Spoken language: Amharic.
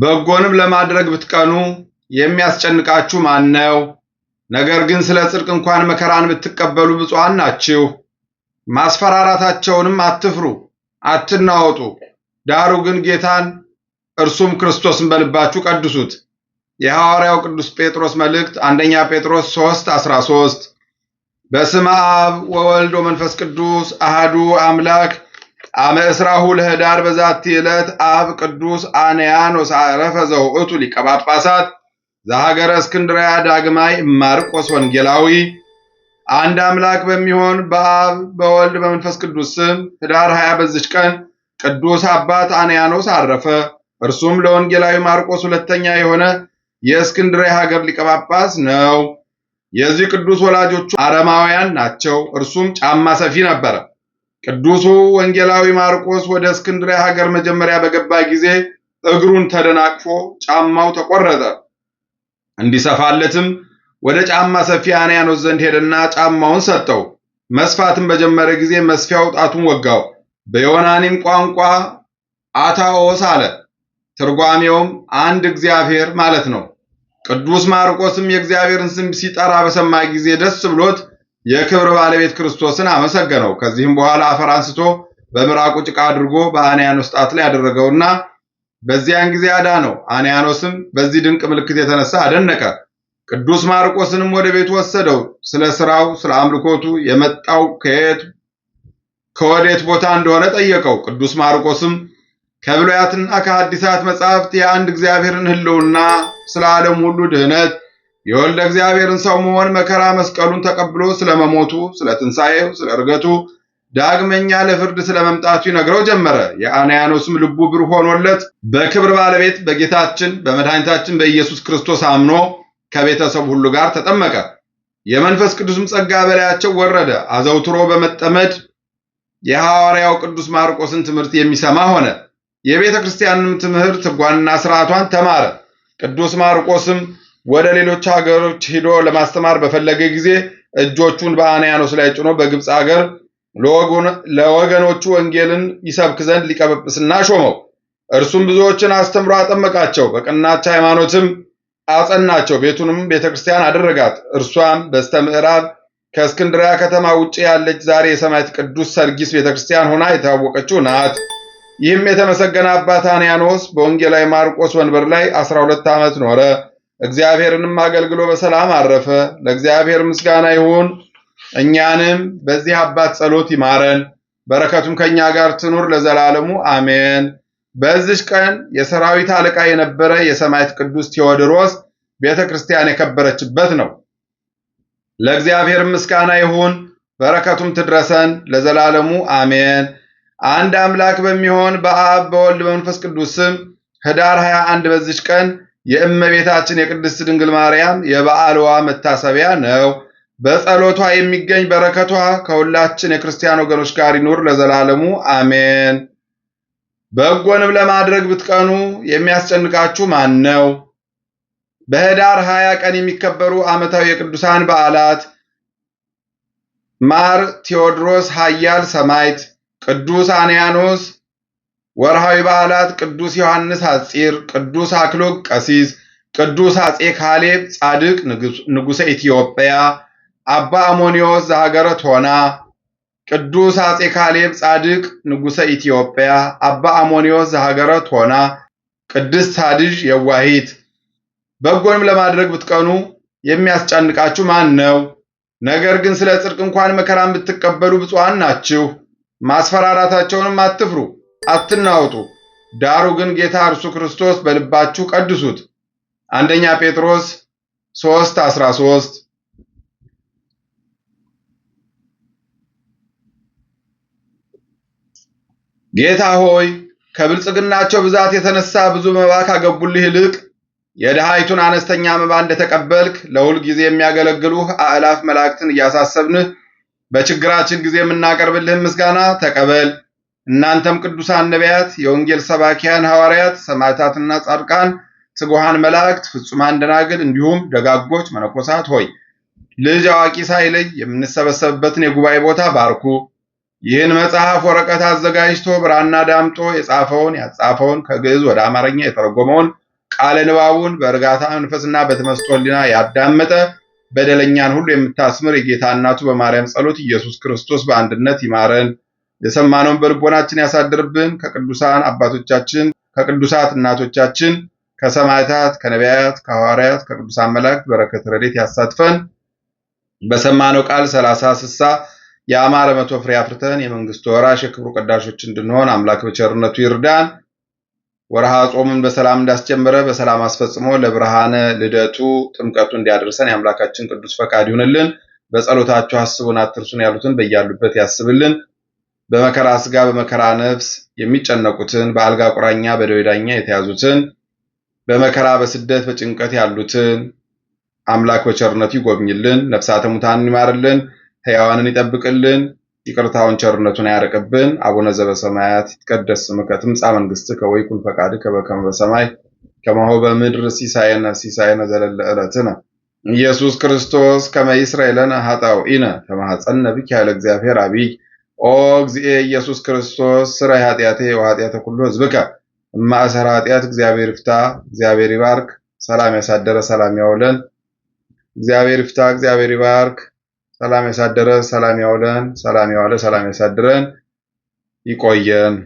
በጎንም ለማድረግ ብትቀኑ የሚያስጨንቃችሁ ማን ነው? ነገር ግን ስለ ጽድቅ እንኳን መከራን ብትቀበሉ ብፁዓን ናችሁ። ማስፈራራታቸውንም አትፍሩ፣ አትናወጡ። ዳሩ ግን ጌታን እርሱም ክርስቶስን በልባችሁ ቀድሱት። የሐዋርያው ቅዱስ ጴጥሮስ መልእክት አንደኛ ጴጥሮስ 3 13 በስመ አብ ወወልድ ወመንፈስ ቅዱስ አህዱ አምላክ አመ እስራሁ ለህዳር በዛቲ ዕለት አብ ቅዱስ አንያኖስ አረፈ ዘውእቱ ሊቀ ጳጳሳት ዘሀገረ እስክንድርያ ዳግማይ ማርቆስ ወንጌላዊ። አንድ አምላክ በሚሆን በአብ በወልድ በመንፈስ ቅዱስ ስም ህዳር ሀያ በዚች ቀን ቅዱስ አባት አንያኖስ አረፈ። እርሱም ለወንጌላዊ ማርቆስ ሁለተኛ የሆነ የእስክንድርያ ሀገር ሊቀ ጳጳስ ነው። የዚህ ቅዱስ ወላጆቹ አረማውያን ናቸው። እርሱም ጫማ ሰፊ ነበረ። ቅዱሱ ወንጌላዊ ማርቆስ ወደ እስክንድሪያ ሀገር መጀመሪያ በገባ ጊዜ እግሩን ተደናቅፎ ጫማው ተቆረጠ። እንዲሰፋለትም ወደ ጫማ ሰፊ አንያኖስ ዘንድ ሄደና ጫማውን ሰጠው። መስፋትም በጀመረ ጊዜ መስፊያው ጣቱን ወጋው። በዮናኒም ቋንቋ አታዎስ አለ። ትርጓሜውም አንድ እግዚአብሔር ማለት ነው። ቅዱስ ማርቆስም የእግዚአብሔርን ስም ሲጠራ በሰማ ጊዜ ደስ ብሎት የክብር ባለቤት ክርስቶስን አመሰገነው። ከዚህም በኋላ አፈር አንስቶ በምራቁ ጭቃ አድርጎ በአንያኖስ ጣት ላይ ያደረገውና በዚያን ጊዜ አዳ ነው። አንያኖስም በዚህ ድንቅ ምልክት የተነሳ አደነቀ። ቅዱስ ማርቆስንም ወደ ቤቱ ወሰደው። ስለ ስራው፣ ስለ አምልኮቱ የመጣው ከየት ከወዴት ቦታ እንደሆነ ጠየቀው። ቅዱስ ማርቆስም ከብሉያትና ከሐዲሳት መጻሕፍት የአንድ እግዚአብሔርን ሕልውና ስለ ዓለም ሁሉ ድህነት። የወልደ እግዚአብሔርን ሰው መሆን መከራ መስቀሉን ተቀብሎ ስለመሞቱ፣ ስለ ስለ እርገቱ ዳግመኛ ለፍርድ ስለመምጣቱ ይነግረው ጀመረ። የአናያኖስም ልቡ ብሩህ ሆኖለት በክብር ባለቤት በጌታችን በመድኃኒታችን በኢየሱስ ክርስቶስ አምኖ ከቤተሰቡ ሁሉ ጋር ተጠመቀ። የመንፈስ ቅዱስም ጸጋ በላያቸው ወረደ። አዘውትሮ በመጠመድ የሐዋርያው ቅዱስ ማርቆስን ትምህርት የሚሰማ ሆነ። የቤተ ክርስቲያንም ትምህርት ሕጓንና ሥርዓቷን ተማረ። ቅዱስ ማርቆስም ወደ ሌሎች ሀገሮች ሂዶ ለማስተማር በፈለገ ጊዜ እጆቹን በአንያኖስ ላይ ጭኖ በግብፅ ሀገር ለወገኖቹ ወንጌልን ይሰብክ ዘንድ ሊቀ ጵጵስና ሾመው። እርሱም ብዙዎችን አስተምሮ አጠመቃቸው፣ በቀናች ሃይማኖትም አጸናቸው። ቤቱንም ቤተ ክርስቲያን አደረጋት። እርሷም በስተ ምዕራብ ከእስክንድሪያ ከተማ ውጭ ያለች ዛሬ የሰማዕት ቅዱስ ሰርጊስ ቤተ ክርስቲያን ሆና የታወቀችው ናት። ይህም የተመሰገነ አባት አንያኖስ በወንጌላዊ ማርቆስ ወንበር ላይ 12 ዓመት ኖረ። እግዚአብሔርንም አገልግሎ በሰላም አረፈ። ለእግዚአብሔር ምስጋና ይሁን። እኛንም በዚህ አባት ጸሎት ይማረን፣ በረከቱም ከኛ ጋር ትኑር ለዘላለሙ አሜን። በዚች ቀን የሰራዊት አለቃ የነበረ የሰማዕት ቅዱስ ቴዎድሮስ ቤተ ክርስቲያን የከበረችበት ነው። ለእግዚአብሔር ምስጋና ይሁን፣ በረከቱም ትድረሰን ለዘላለሙ አሜን። አንድ አምላክ በሚሆን በአብ በወልድ በመንፈስ ቅዱስ ስም ህዳር 21 በዚች ቀን የእመቤታችን የቅድስት ድንግል ማርያም የበዓልዋ መታሰቢያ ነው። በጸሎቷ የሚገኝ በረከቷ ከሁላችን የክርስቲያን ወገኖች ጋር ይኑር ለዘላለሙ አሜን። በጎንም ለማድረግ ብትቀኑ የሚያስጨንቃችሁ ማን ነው? በኅዳር ሀያ ቀን የሚከበሩ ዓመታዊ የቅዱሳን በዓላት ማር ቴዎድሮስ ኃያል ሰማዕት፣ ቅዱስ አንያኖስ ወርሃዊ በዓላት ቅዱስ ዮሐንስ ሐጺር፣ ቅዱስ አክሎግ ቀሲስ፣ ቅዱስ አጼ ካሌብ ጻድቅ ንጉሠ ኢትዮጵያ፣ አባ አሞኒዎስ ዘሀገረ ቶና፣ ቅዱስ አጼ ካሌብ ጻድቅ ንጉሠ ኢትዮጵያ፣ አባ አሞኒዎስ ዘሀገረ ቶና፣ ቅድስት ሳድዥ የዋሂት። በጎንም ለማድረግ ብትቀኑ የሚያስጨንቃችሁ ማን ነው? ነገር ግን ስለ ጽድቅ እንኳን መከራን ብትቀበሉ ብፁዓን ናችሁ። ማስፈራራታቸውንም አትፍሩ አትናወጡ። ዳሩ ግን ጌታ እርሱ ክርስቶስ በልባችሁ ቀድሱት። አንደኛ ጴጥሮስ 3 13 ጌታ ሆይ ከብልጽግናቸው ብዛት የተነሳ ብዙ መባ ካገቡልህ ይልቅ የድሃይቱን አነስተኛ መባ እንደተቀበልክ ለሁል ጊዜ የሚያገለግሉህ አእላፍ መላእክትን እያሳሰብንህ በችግራችን ጊዜ የምናቀርብልህን ምስጋና ተቀበል። እናንተም ቅዱሳን ነቢያት፣ የወንጌል ሰባኪያን ሐዋርያት፣ ሰማዕታትና ጻድቃን፣ ትጉሃን መላእክት፣ ፍጹማን ደናግል፣ እንዲሁም ደጋጎች መነኮሳት ሆይ ልጅ አዋቂ ሳይለይ የምንሰበሰብበትን የጉባኤ ቦታ ባርኩ። ይህን መጽሐፍ ወረቀት አዘጋጅቶ ብራና ዳምጦ የጻፈውን ያጻፈውን ከግዕዝ ወደ አማርኛ የተረጎመውን ቃለ ንባቡን በእርጋታ መንፈስና በተመስጦ ሕሊና ያዳመጠ በደለኛን ሁሉ የምታስምር የጌታ እናቱ በማርያም ጸሎት ኢየሱስ ክርስቶስ በአንድነት ይማረን። የሰማነውን በልቦናችን ያሳድርብን። ከቅዱሳን አባቶቻችን፣ ከቅዱሳት እናቶቻችን፣ ከሰማዕታት፣ ከነቢያት፣ ከሐዋርያት፣ ከቅዱሳን መላእክት በረከት ረድኤት ያሳትፈን። በሰማነው ቃል ሰላሳ ስሳ የአማረ መቶ ፍሬ አፍርተን የመንግስቱ ወራሽ የክብሩ ቀዳሾች እንድንሆን አምላክ በቸርነቱ ይርዳን። ወርሃ ጾምን በሰላም እንዳስጀመረ በሰላም አስፈጽሞ ለብርሃነ ልደቱ ጥምቀቱ እንዲያደርሰን የአምላካችን ቅዱስ ፈቃድ ይሁንልን። በጸሎታችሁ አስቡን አትርሱን ያሉትን በያሉበት ያስብልን። በመከራ ስጋ በመከራ ነፍስ የሚጨነቁትን በአልጋ ቁራኛ በደዌ ዳኛ የተያዙትን በመከራ በስደት በጭንቀት ያሉትን አምላክ በቸርነቱ ይጎብኝልን፣ ነፍሳተ ሙታንን ይማርልን፣ ሕያዋንን ይጠብቅልን፣ ይቅርታውን ቸርነቱን አያርቅብን። አቡነ ዘበሰማያት ይትቀደስ ስምከ ትምጻእ መንግሥትከ ወይኩን ፈቃድከ በከመ በሰማይ ከማሁ በምድር ሲሳየነ ሲሳየነ ዘለለ ዕለትነ ኢየሱስ ክርስቶስ ከመ ይስረይ ለነ ኃጣውኢነ ከመ ሐፀነ እግዚአብሔር አብይ ኦ እግዚእ ኢየሱስ ክርስቶስ ስራ ኃጢአቴ ወኃጢአተ ኩሉ ህዝብከ ማእሰረ ኃጢአት እግዚአብሔር ይፍታ፣ እግዚአብሔር ይባርክ። ሰላም ያሳደረ ሰላም ያውለን። እግዚአብሔር ይፍታ፣ እግዚአብሔር ይባርክ። ሰላም ያሳደረ ሰላም ያውለን። ሰላም ያዋለ ሰላም ያሳድረን፣ ይቆየን።